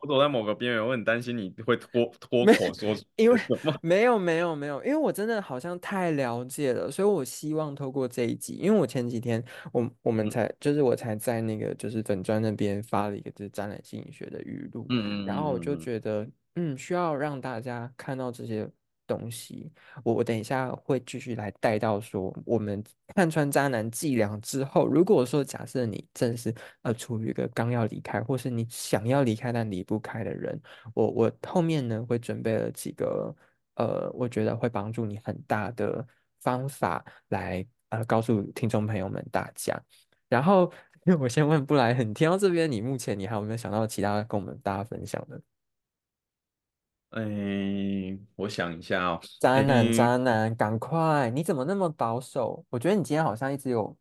我走在某個邊緣，我很擔心你會脫脫軌，脫口說出。因為沒有沒有沒有，因為我真的好像太了解了，所以我希望透過這一集，因為我前幾天我我們才就是我才在那個就是粉專那邊發了一個就是展覽心理學的語錄，嗯，然後我就覺得嗯需要讓大家看到這些。東西，我我等一下會繼續來帶到說，我們看穿渣男伎倆之後，如果說假設你正是呃處於一個剛要離開，或是你想要離開但離不開的人，我我後面呢會準備了幾個呃，我覺得會幫助你很大的方法來呃告訴聽眾朋友們大家。然後我先問布萊恩，聽到這邊，你目前你還有沒有想到其他跟我們大家分享的？嗯、哎。我想一下哦，渣男、渣男，趕快！你怎麼那麼保守？我覺得你今天好像一直有，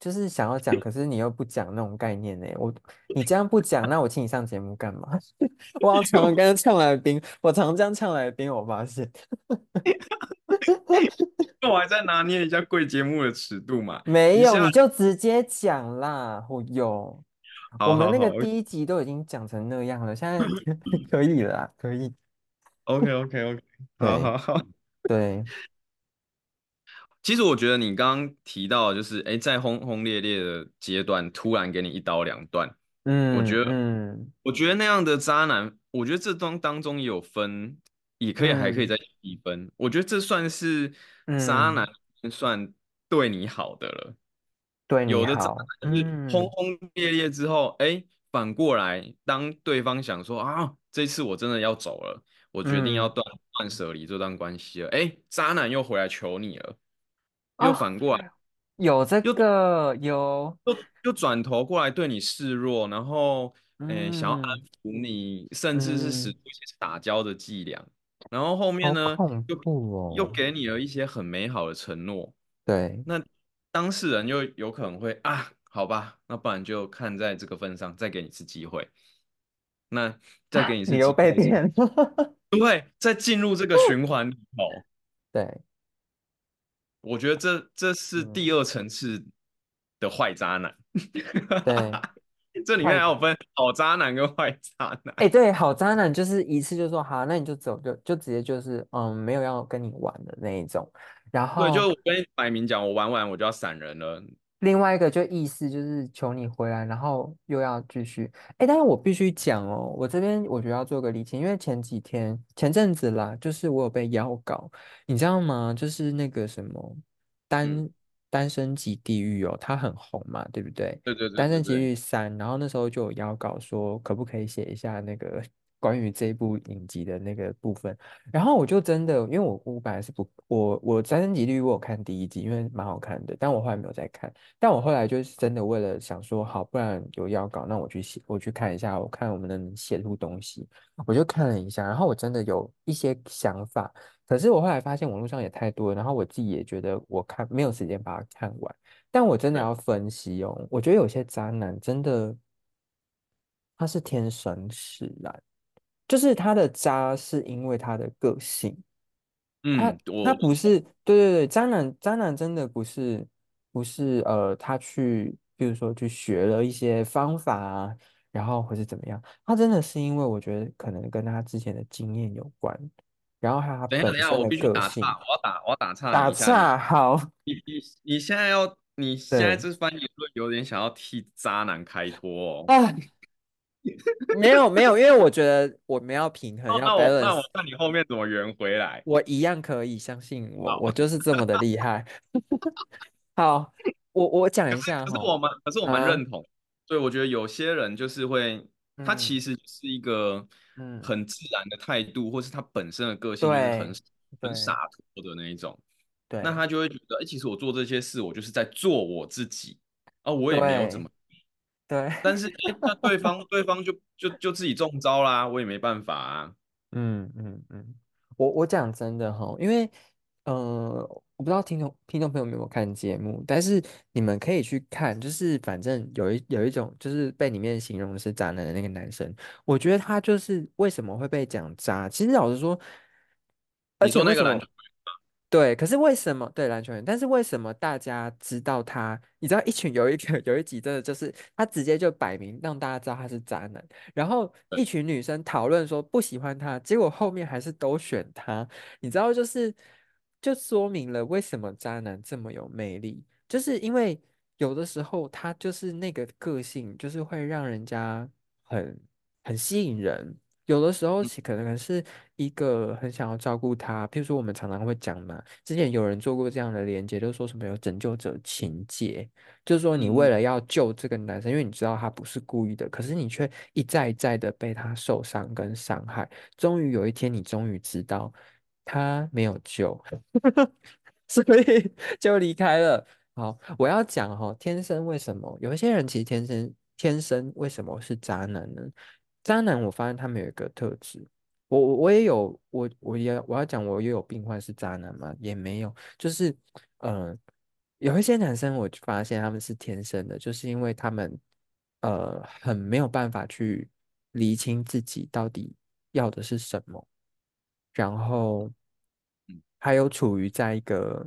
就是想要講，可是你又不講那種概念呢。我，你這樣不講，那我請你上節目幹嘛？我常常跟嗆來賓，我常常這樣嗆來賓。我發現，我還在拿捏一下貴節目的尺度嘛。沒有，你就直接講啦！哦喲，我們那個第一集都已經講成那樣了，現在可以了，可以。OK，OK，OK。好好好，對， 對其實我覺得你剛剛提到，就是誒，在轟轟烈烈的階段，突然給你一刀兩斷，嗯，我覺得，嗯、我覺得那樣的渣男，我覺得這當當中也有分，也可以、嗯、還可以再細分，我覺得這算是渣男算對你好的了，嗯、對你好，有的渣男是轟轟烈烈之後，哎、嗯，反過來，當對方想說啊，這次我真的要走了。我決定要斷斷、嗯、捨離這段關係了。哎、欸，渣男又回來求你了，哦、又反過來有這個又有，又又轉頭過來對你示弱，然後、嗯欸、想要安撫你，甚至是使出一些撒嬌的伎倆。嗯、然後後面呢、哦又，又給你了一些很美好的承諾。對，那當事人又有可能會啊，好吧，那不然就看在這個份上，再給你一次機會。那再給你是又、啊、被騙，因為在進入這個循環裡頭， 對，對我覺得這這是第二層次的壞渣男， 對，這裡面還有分好渣男跟壞渣男，哎對、欸，對，好渣男就是一次就說好，那你就走，就就直接就是嗯，沒有要跟你玩的那一種，然後對，就我跟擺明講，我玩完我就要閃人了。另外一個就意思就是求你回來，然後又要繼續。哎，但是我必須講哦，我這邊我覺得要做個釐清，因為前幾天前陣子啦，就是我有被邀稿，你知道嗎？就是那個什麼單、嗯、單身即地獄哦，它很紅嘛，對不對？對對對，對對對，單身即地獄三，然後那時候就有邀稿說可不可以寫一下那個。關於這部影集的那個部分，然後我就真的，因為我我本來是不我我再升幾率，我，我，我有看第一集，因為蠻好看的，但我後來沒有再看。但我後來就是真的為了想說，好，不然有要稿，那我去寫，我去看一下，我看我們能寫出東西。我就看了一下，然後我真的有一些想法，可是我後來發現網絡上也太多，然後我自己也覺得我看沒有時間把它看完。但我真的要分析哦，我覺得有些渣男真的他是天生使然。就是他的渣，是因為他的個性，嗯，他他不是，我對對對，渣男渣男真的不是不是呃，他去，比如說去學了一些方法啊，然後或是怎麼樣，他真的是因為我覺得可能跟他之前的經驗有關，然後還有他本身的個性。我打我要打，我要打岔打岔，看打岔好，你你你現在要你現在這番言論有點想要替渣男開脫哦。 沒有沒有，因為我覺得我們要平衡。那我看你後面怎麼圓回來。我一樣可以相信我，oh. 我就是這麼的厲害。 好，我我講一下吼。可是我們，可是我蠻認同。啊、所以我覺得有些人就是會，嗯、他其實就是一個很自然的態度，嗯、或是他本身的個性就是很對很灑脫的那一種。對。那他就會覺得，哎、欸，其實我做這些事，我就是在做我自己。哦、啊，我也沒有怎麼。對， 但是那對方對方就就就自己中招啦，我也沒辦法啊。嗯嗯嗯，我我講真的哈，因為呃，我不知道聽眾聽眾朋友有沒有看節目，但是你們可以去看，就是反正有一有一種就是被裡面形容的是渣男的那個男生，我覺得他就是為什麼會被講渣，其實老實說，你說那個男生。對，可是為什麼對籃球員？但是為什麼大家知道他？你知道，一群有一個有一集，真的就是他直接就擺明讓大家知道他是渣男，然後一群女生討論說不喜歡他，結果後面還是都選他。你知道，就是就說明了為什麼渣男這麼有魅力，就是因為有的時候他就是那個個性，就是會讓人家很很吸引人。有的時候，可能是一個很想要照顧他。譬如說，我們常常會講嘛，之前有人做過這樣的連結，就說什麼有拯救者情結，就是說，你為了要救這個男生，因為你知道他不是故意的，可是你卻一再一再的被他受傷跟傷害。終於有一天，你終於知道他沒有救， 所以就離開了。好，我要講哦，天生為什麼有一些人其實天生天生為什麼是渣男呢？渣男，我發現他們有一個特質，我我也有，我我也我要講，我也有病患是渣男嘛，也沒有，就是，嗯、呃，有一些男生，我就發現他們是天生的，就是因為他們，呃，很沒有辦法去釐清自己到底要的是什麼，然後，還有處於在一個，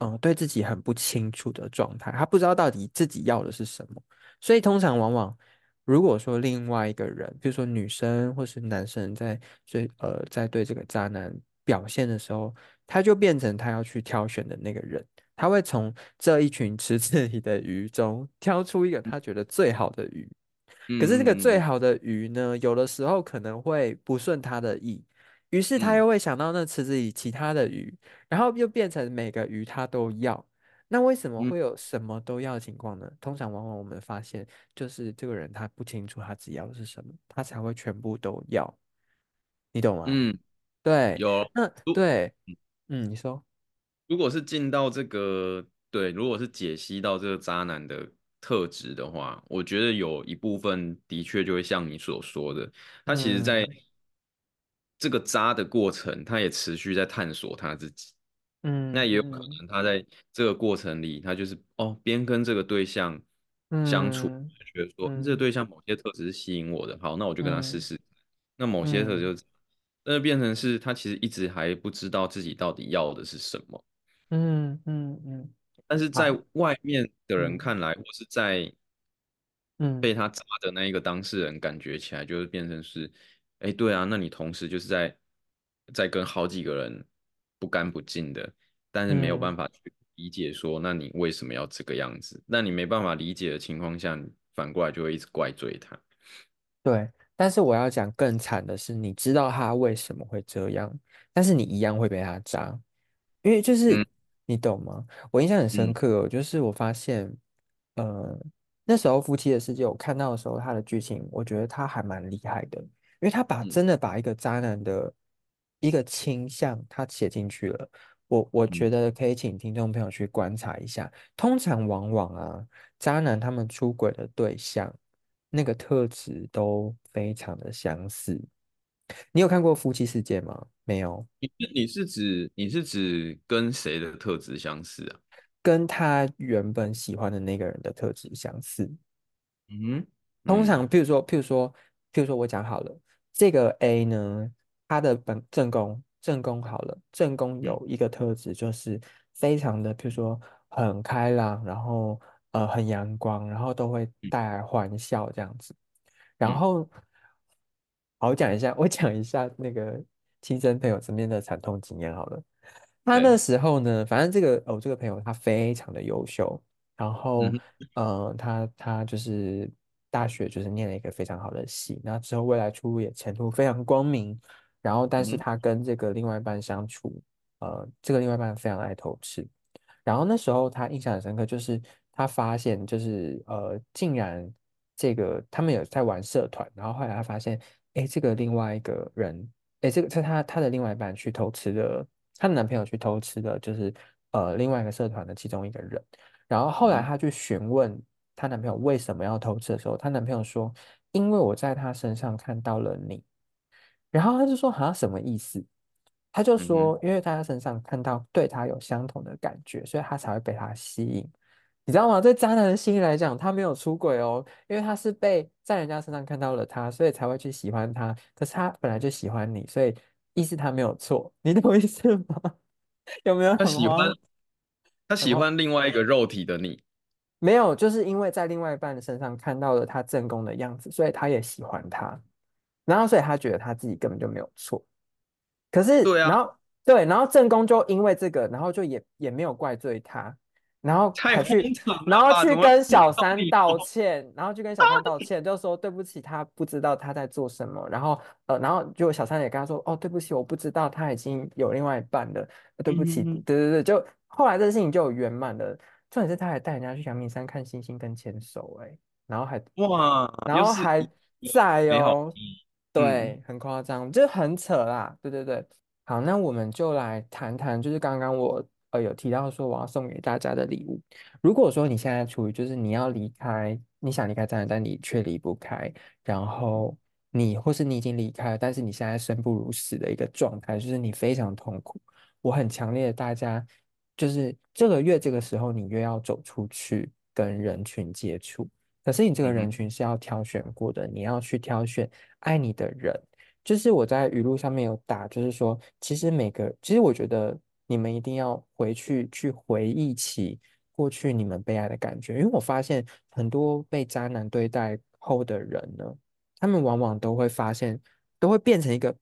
嗯、呃，對自己很不清楚的狀態，他不知道到底自己要的是什麼，所以通常往往。如果說另外一個人，比如說女生或是男生，在最呃在對這個渣男表現的時候，他就變成他要去挑選的那個人，他會從這一群池子裡的魚中挑出一個他覺得最好的魚。嗯。可是這個最好的魚呢，有的時候可能會不順他的意，於是他又會想到那池子裡其他的魚，然後又變成每個魚他都要。那為什麼會有什麼都要的情況呢？嗯，通常往往我們發現，就是這個人他不清楚他只要的是什麼，他才會全部都要。你懂嗎？嗯，對，有那都對，嗯，你說，如果是進到這個，對，如果是解析到這個渣男的特質的話，我覺得有一部分的確就會像你所說的，他其實在這個渣的過程，他也持續在探索他自己。嗯，那也有可能，他在這個過程裡，嗯、他就是哦，邊跟這個對象相處，就、嗯、覺得說、嗯、這個對象某些特質是吸引我的，好，那我就跟他試試。嗯、那某些特質，就這樣，那就變成是他其實一直還不知道自己到底要的是什麼。嗯嗯嗯。嗯嗯嗯，但是在外面的人看來，我、嗯、是在被他砸的那一個當事人，感覺起來、嗯、就是變成是，哎、欸，對啊，那你同時就是在在跟好幾個人。不乾不淨的，但是沒有辦法去理解說，說、嗯、那你為什麼要這個樣子？那你沒辦法理解的情況下，反過來就會一直怪罪他。對，但是我要講更慘的是，你知道他為什麼會這樣，但是你一樣會被他扎，因為就是、嗯、你懂嗎？我印象很深刻，嗯、就是我發現，呃，那時候夫妻的世界，我看到的時候，他的劇情，我覺得他還蠻厲害的，因為他把真的把一個渣男的。嗯一個傾向，他寫進去了。我我覺得可以請聽眾朋友去觀察一下。通常，往往啊，渣男他們出軌的對象，那個特質都非常的相似。你有看過夫妻世界嗎？沒有。你，你是指你是指跟誰的特質相似啊？跟他原本喜歡的那個人的特質相似。嗯。嗯。通常，譬如說，譬如說，譬如說，我講好了，這個 A 呢。他的本正宮正宮好了，正宮有一個特質，就是非常的，譬如說很開朗，然後呃很陽光，然後都會帶來歡笑這樣子。然後，好我講一下，我講一下那個親生朋友身邊的慘痛經驗好了。他那時候呢，反正這個哦，這個朋友他非常的優秀，然後呃他他就是大學就是念了一個非常好的系，那之後未來出路也前途非常光明。然後，但是他跟這個另外一半相處，嗯、呃，這個另外一半非常愛偷吃。然後那時候他印象很深刻，就是他發現，就是呃，竟然這個他們有在玩社團。然後後來他發現，哎，這個另外一個人，哎，這個是他他的另外一半去偷吃的，他男朋友去偷吃的，就是呃，另外一個社團的其中一個人。然後後來他就詢問他男朋友為什麼要偷吃的時候，他男朋友說，因為我在他身上看到了你。然後他就說好像、啊、什麼意思？他就說，因為他在他身上看到對他有相同的感覺，嗯、所以他才會被他吸引。你知道嗎？對渣男的心理來講，他沒有出軌哦，因為他是被在人家身上看到了他，所以才會去喜歡他。可是他本來就喜歡你，所以意思他沒有錯。你懂我意思嗎？有沒有？他喜歡他喜歡另外一個肉體的你，沒有，就是因為在另外一半身上看到了他正宮的樣子，所以他也喜歡他。然後，所以他覺得他自己根本就沒有錯。可是，對啊。然後，對，然後正宮就因為這個，然後就也也沒有怪罪他。然後他去，然後去跟小三道歉，然後去跟小三道歉，就說對不起，他不知道他在做什麼。然後，呃，然後就小三也跟他說，哦，對不起，我不知道他已經有另外一半了。對不起，對對對，就後來這個事情就圓滿了。重點是他還帶人家去陽明山看星星跟牽手哎，欸，然後還哇，然後還在哦。對，嗯、很誇張，就很扯啦。對對對，好，那我們就來談談，就是剛剛我呃有、哎、提到說我要送給大家的禮物。如果說你現在處於就是你要離開，你想離開家人，但你卻離不開，然後你或是你已經離開了，但是你現在生不如死的一個狀態，就是你非常痛苦。我很強烈的大家就是這個月這個時候，你越要走出去跟人群接觸。可是你這個人群是要挑選過的，你要去挑選愛你的人。就是我在語錄上面有打，就是說，其實每個，其實我覺得你們一定要回去去回憶起過去你們被愛的感覺，因為我發現很多被渣男對待後的人呢，他們往往都會發現，都會變成一個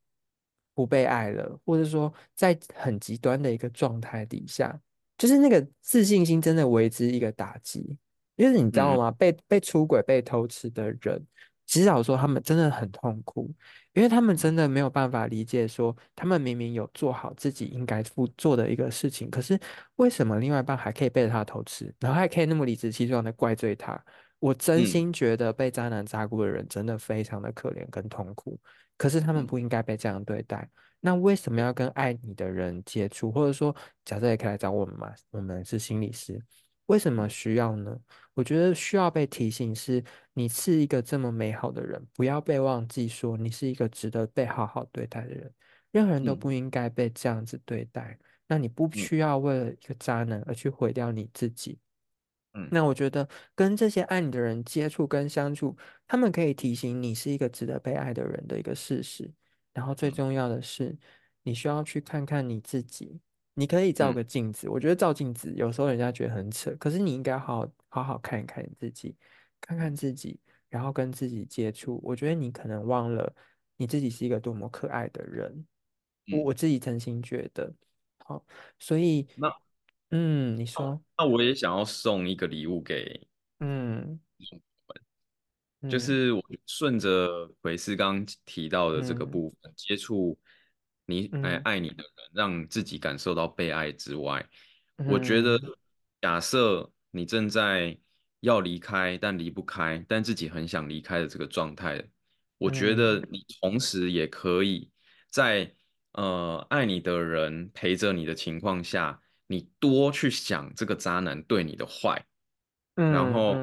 不被愛了，或者說在很極端的一個狀態底下，就是那個自信心真的為之一個打擊。因為你知道嗎？嗯、被被出軌、被偷吃的人，至少說他們真的很痛苦，因為他們真的沒有辦法理解說，說他們明明有做好自己應該做做的一個事情，可是為什麼另外一半還可以背著他偷吃，然後還可以那麼理直氣壯的怪罪他？我真心覺得被渣男渣過的人真的非常的可憐跟痛苦，嗯、可是他們不應該被這樣對待。嗯、那為什麼要跟愛你的人接觸？或者說，假設也可以來找我們嘛？我們、嗯、是心理師。為什麼需要呢？我覺得需要被提醒是，你是一個這麼美好的人，不要被忘記說你是一個值得被好好對待的人。任何人都不應該被這樣子對待。那你不需要為了一個渣男而去毀掉你自己。嗯，那我覺得跟這些愛你的人接觸跟相處，他們可以提醒你是一個值得被愛的人的一個事實。然後最重要的是，你需要去看看你自己。你可以照個鏡子，嗯、我覺得照鏡子有時候人家覺得很扯，可是你應該好好好好看一看你自己，看看自己，然後跟自己接觸。我覺得你可能忘了你自己是一個多麼可愛的人，嗯、我我自己真心覺得。好，所以那嗯，你說、哦，那我也想要送一個禮物給嗯，嗯就是我順着奎斯剛剛提到的這個部分、嗯、接觸。你愛愛你的人，讓自己感受到被愛之外，我覺得假設你正在要離開但離不開，但自己很想離開的這個狀態，我覺得你同時也可以在呃愛你的人陪着你的情況下，你多去想這個渣男對你的壞，然後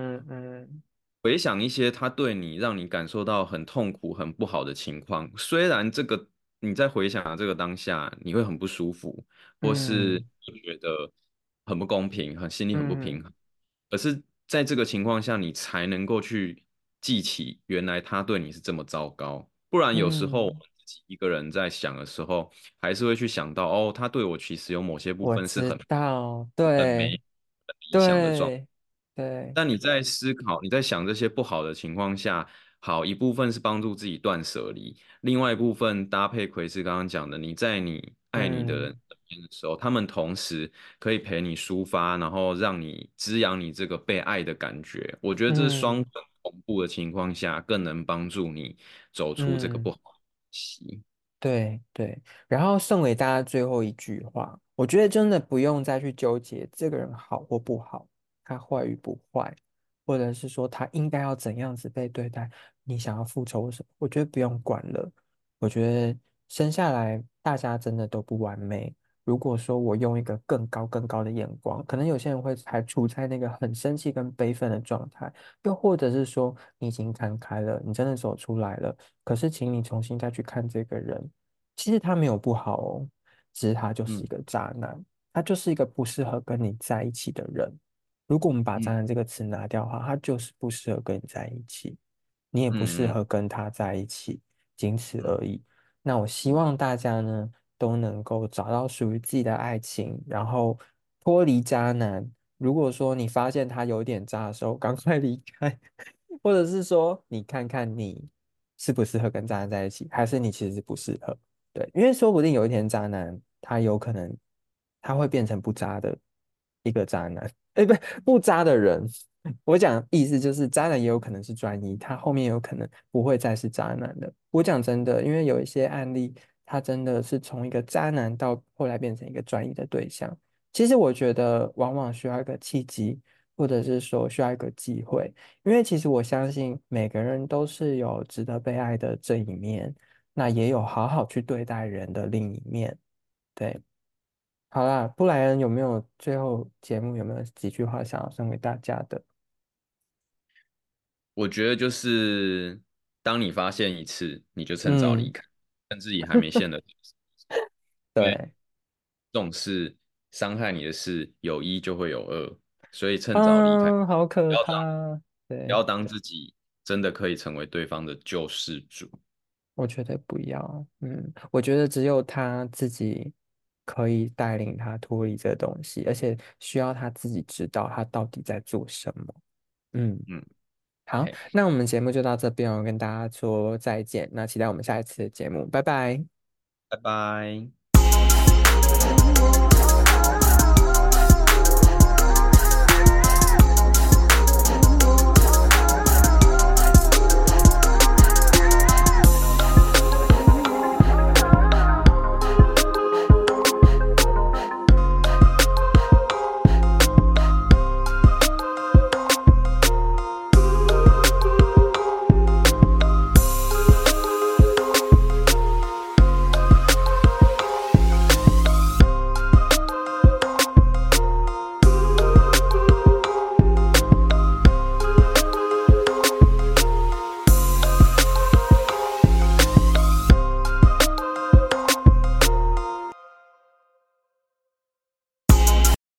回想一些他對你讓你感受到很痛苦、很不好的情況，雖然這個。你在回想這個當下，你會很不舒服，或是會覺得很不公平，嗯、很心裡很不平衡。嗯、而是在這個情況下，你才能夠去記起原來他對你是這麼糟糕。不然有時候我們自己一個人在想的時候，嗯、還是會去想到哦，他對我其實有某些部分是很……我知道，對，很沒、很理想的狀態。對。對但你在思考、你在想這些不好的情況下。好，一部分是幫助自己斷舍離，另外一部分搭配奎斯剛剛講的，你在你愛你的人的，的時候，嗯、他們同時可以陪你抒發，然後讓你滋養你這個被愛的感覺。我覺得這是雙重同步的情況下，嗯、更能幫助你走出這個不好的東西。對對，然後送給大家最後一句話，我覺得真的不用再去糾結這個人好或不好，他壞與不壞，或者是說他應該要怎樣子被對待。你想要復仇什麼？我覺得不用管了。我覺得生下來大家真的都不完美。如果說我用一個更高、更高的眼光，可能有些人會還處在那個很生氣跟悲憤的狀態，又或者是說你已經看開了，你真的走出來了。可是，請你重新再去看這個人，其實他沒有不好哦，只是他就是一個渣男，他就是一個不適合跟你在一起的人。如果我們把“渣男”這個詞拿掉的話，他就是不適合跟你在一起。你也不適合跟他在一起，嗯、僅此而已。那我希望大家呢，都能夠找到屬於自己的愛情，然後脫離渣男。如果說你發現他有點渣的時候，趕快離開，或者是說你看看你適不適合跟渣男在一起，還是你其實不適合。對，因為說不定有一天渣男他有可能他會變成不渣的一個渣男，誒，不，不渣的人。我講意思就是，渣男也有可能是專一，他後面有可能不會再是渣男的。我講真的，因為有一些案例，他真的是從一個渣男到後來變成一個專一的對象。其實我覺得，往往需要一個契機，或者是說需要一個機會，因為其實我相信每個人都是有值得被愛的這一面，那也有好好去對待人的另一面。對，好啦，布萊恩，有沒有最後節目，有沒有幾句話想要送給大家的？我覺得就是，當你發現一次，你就趁早離開，趁、嗯、自己還沒陷得深對， 對，這種事傷害你的事，有一就會有二，所以趁早離開。啊、好可怕！對，要當自己真的可以成為對方的救世主。我覺得不要，嗯，我覺得只有他自己可以帶領他脫離這東西，而且需要他自己知道他到底在做什麼。嗯嗯。好，Okay. 那我們節目就到這邊，我跟大家說再見。那期待我們下一次的節目，拜拜，拜拜。